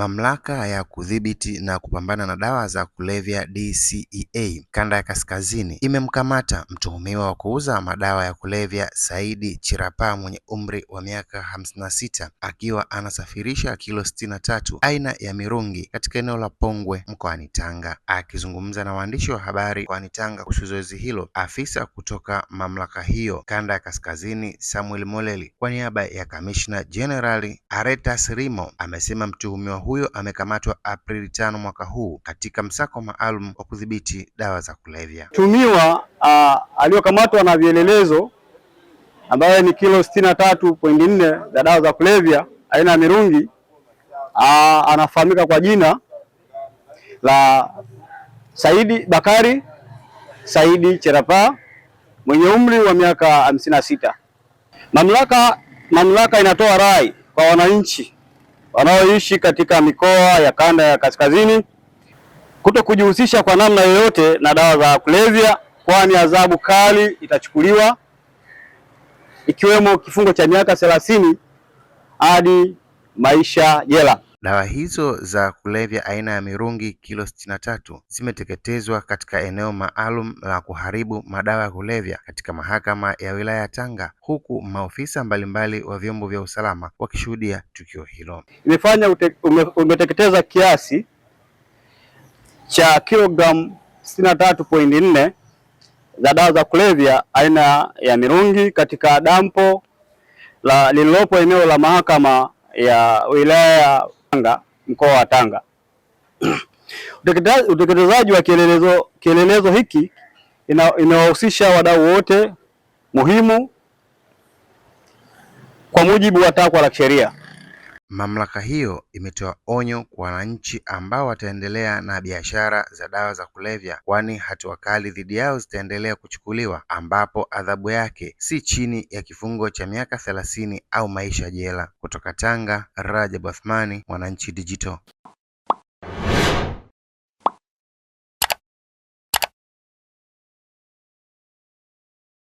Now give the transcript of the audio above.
Mamlaka ya Kudhibiti na Kupambana na Dawa za Kulevya DCEA Kanda ya Kaskazini imemkamata mtuhumiwa wa kuuza madawa ya kulevya Saidi chirapa mwenye umri wa miaka 56 sita akiwa anasafirisha kilo sitini tatu aina ya mirungi katika eneo la Pongwe mkoani Tanga. Akizungumza na waandishi wa habari mkoani Tanga kuhusu zoezi hilo, afisa kutoka mamlaka hiyo Kanda ya Kaskazini Samuel Moleli kwa niaba ya Kamishna Jenerali Aretas Rimo amesema mtuhumiwa huyo amekamatwa Aprili tano mwaka huu katika msako maalum wa kudhibiti dawa za kulevya. Mtuhumiwa aliyokamatwa ah, na vielelezo ambayo ni kilo sitini na tatu pointi nne za dawa za kulevya aina ya mirungi ah, anafahamika kwa jina la Saidi Bakari Saidi Cherapa mwenye umri wa miaka hamsini na sita. Mamlaka mamlaka inatoa rai kwa wananchi wanaoishi katika mikoa ya kanda ya kaskazini kuto kujihusisha kwa namna yoyote na dawa za kulevya, kwani adhabu kali itachukuliwa ikiwemo kifungo cha miaka thelathini hadi maisha jela. Dawa hizo za kulevya aina ya mirungi kilo sitini na tatu zimeteketezwa katika eneo maalum la kuharibu madawa ya kulevya katika mahakama ya wilaya ya Tanga, huku maofisa mbalimbali wa vyombo vya usalama wakishuhudia tukio hilo. Imefanya umeteketeza ume kiasi cha kilogramu sitini na tatu pointi nne za dawa za kulevya aina ya mirungi katika dampo la lililopo eneo la mahakama ya wilaya Tanga, mkoa wa Tanga. Utekelezaji wa kielelezo, kielelezo hiki inawahusisha wadau wote muhimu kwa mujibu wa takwa la kisheria. Mamlaka hiyo imetoa onyo kwa wananchi ambao wataendelea na biashara za dawa za kulevya kwani hatua kali dhidi yao zitaendelea kuchukuliwa ambapo adhabu yake si chini ya kifungo cha miaka thelathini au maisha jela. Kutoka Tanga, Rajab Athumani, Mwananchi Digital.